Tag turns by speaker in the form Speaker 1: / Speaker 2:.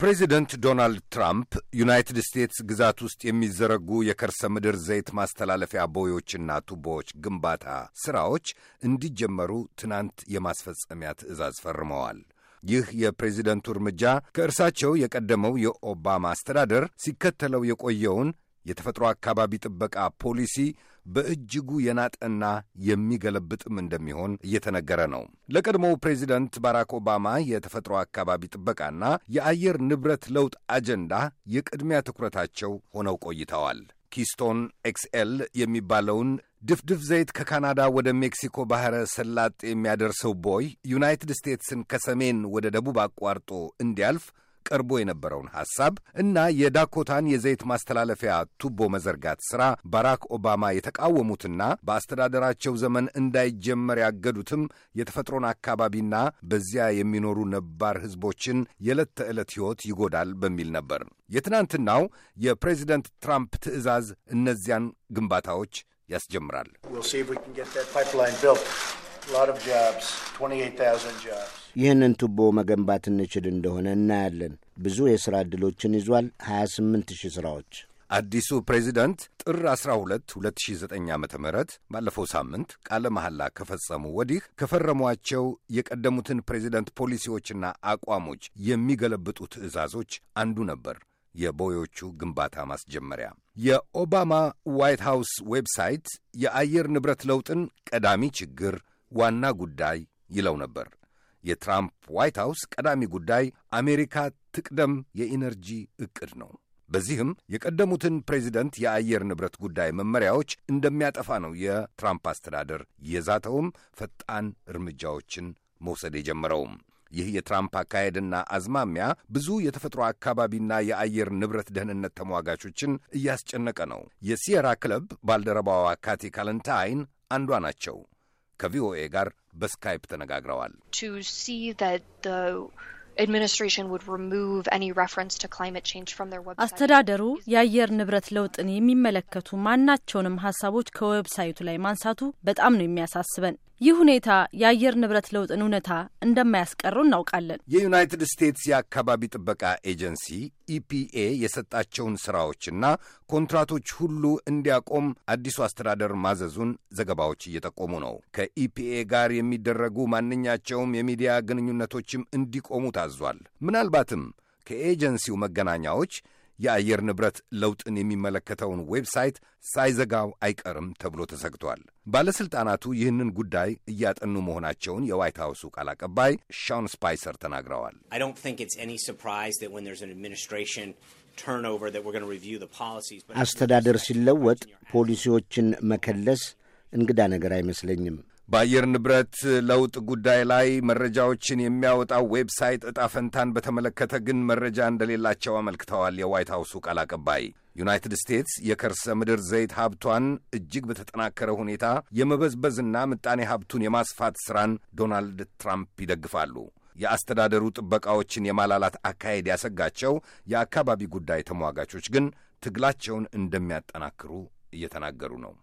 Speaker 1: ፕሬዚደንት ዶናልድ ትራምፕ ዩናይትድ ስቴትስ ግዛት ውስጥ የሚዘረጉ የከርሰ ምድር ዘይት ማስተላለፊያ ቦዮችና ቱቦዎች ግንባታ ሥራዎች እንዲጀመሩ ትናንት የማስፈጸሚያ ትዕዛዝ ፈርመዋል። ይህ የፕሬዚደንቱ እርምጃ ከእርሳቸው የቀደመው የኦባማ አስተዳደር ሲከተለው የቆየውን የተፈጥሮ አካባቢ ጥበቃ ፖሊሲ በእጅጉ የናጠና የሚገለብጥም እንደሚሆን እየተነገረ ነው። ለቀድሞው ፕሬዚደንት ባራክ ኦባማ የተፈጥሮ አካባቢ ጥበቃና የአየር ንብረት ለውጥ አጀንዳ የቅድሚያ ትኩረታቸው ሆነው ቆይተዋል። ኪስቶን ኤክስኤል የሚባለውን ድፍድፍ ዘይት ከካናዳ ወደ ሜክሲኮ ባሕረ ሰላጥ የሚያደርሰው ቦይ ዩናይትድ ስቴትስን ከሰሜን ወደ ደቡብ አቋርጦ እንዲያልፍ ቀርቦ የነበረውን ሐሳብ እና የዳኮታን የዘይት ማስተላለፊያ ቱቦ መዘርጋት ሥራ ባራክ ኦባማ የተቃወሙትና በአስተዳደራቸው ዘመን እንዳይጀመር ያገዱትም የተፈጥሮን አካባቢና በዚያ የሚኖሩ ነባር ሕዝቦችን የዕለት ተዕለት ሕይወት ይጎዳል በሚል ነበር። የትናንትናው የፕሬዚደንት ትራምፕ ትዕዛዝ እነዚያን ግንባታዎች ያስጀምራል። ይህንን ቱቦ መገንባት እንችል እንደሆነ እናያለን። ብዙ የሥራ ዕድሎችን ይዟል። 28 ሺህ ሥራዎች አዲሱ ፕሬዚደንት ጥር 12 2009 ዓ ም ባለፈው ሳምንት ቃለ መሐላ ከፈጸሙ ወዲህ ከፈረሟቸው የቀደሙትን ፕሬዚደንት ፖሊሲዎችና አቋሞች የሚገለብጡ ትዕዛዞች አንዱ ነበር የቦዮቹ ግንባታ ማስጀመሪያ። የኦባማ ዋይት ሃውስ ዌብሳይት የአየር ንብረት ለውጥን ቀዳሚ ችግር ዋና ጉዳይ ይለው ነበር። የትራምፕ ዋይት ሃውስ ቀዳሚ ጉዳይ አሜሪካ ትቅደም የኢነርጂ ዕቅድ ነው። በዚህም የቀደሙትን ፕሬዚደንት የአየር ንብረት ጉዳይ መመሪያዎች እንደሚያጠፋ ነው የትራምፕ አስተዳደር የዛተውም ፈጣን እርምጃዎችን መውሰድ የጀመረውም። ይህ የትራምፕ አካሄድና አዝማሚያ ብዙ የተፈጥሮ አካባቢና የአየር ንብረት ደህንነት ተሟጋቾችን እያስጨነቀ ነው። የሲየራ ክለብ ባልደረባዋ ካቲ ካለንታይን አንዷ ናቸው። ከቪኦኤ ጋር በስካይፕ ተነጋግረዋል። አስተዳደሩ የአየር ንብረት ለውጥን የሚመለከቱ ማናቸውንም ሀሳቦች ከዌብሳይቱ ላይ ማንሳቱ በጣም ነው የሚያሳስበን። ይህ ሁኔታ የአየር ንብረት ለውጥን እውነታ እንደማያስቀረው እናውቃለን። የዩናይትድ ስቴትስ የአካባቢ ጥበቃ ኤጀንሲ ኢፒኤ የሰጣቸውን ስራዎችና ኮንትራቶች ሁሉ እንዲያቆም አዲሱ አስተዳደር ማዘዙን ዘገባዎች እየጠቆሙ ነው። ከኢፒኤ ጋር የሚደረጉ ማንኛቸውም የሚዲያ ግንኙነቶችም እንዲቆሙ ታ አዟል። ምናልባትም ከኤጀንሲው መገናኛዎች የአየር ንብረት ለውጥን የሚመለከተውን ዌብሳይት ሳይዘጋው አይቀርም ተብሎ ተሰግቷል። ባለሥልጣናቱ ይህንን ጉዳይ እያጠኑ መሆናቸውን የዋይት ሐውሱ ቃል አቀባይ ሻውን ስፓይሰር ተናግረዋል። አስተዳደር ሲለወጥ ፖሊሲዎችን መከለስ እንግዳ ነገር አይመስለኝም። በአየር ንብረት ለውጥ ጉዳይ ላይ መረጃዎችን የሚያወጣው ዌብሳይት እጣፈንታን ፈንታን በተመለከተ ግን መረጃ እንደሌላቸው አመልክተዋል። የዋይት ሀውሱ ቃል አቀባይ ዩናይትድ ስቴትስ የከርሰ ምድር ዘይት ሀብቷን እጅግ በተጠናከረ ሁኔታ የመበዝበዝና ምጣኔ ሀብቱን የማስፋት ሥራን ዶናልድ ትራምፕ ይደግፋሉ። የአስተዳደሩ ጥበቃዎችን የማላላት አካሄድ ያሰጋቸው የአካባቢ ጉዳይ ተሟጋቾች ግን ትግላቸውን እንደሚያጠናክሩ እየተናገሩ ነው።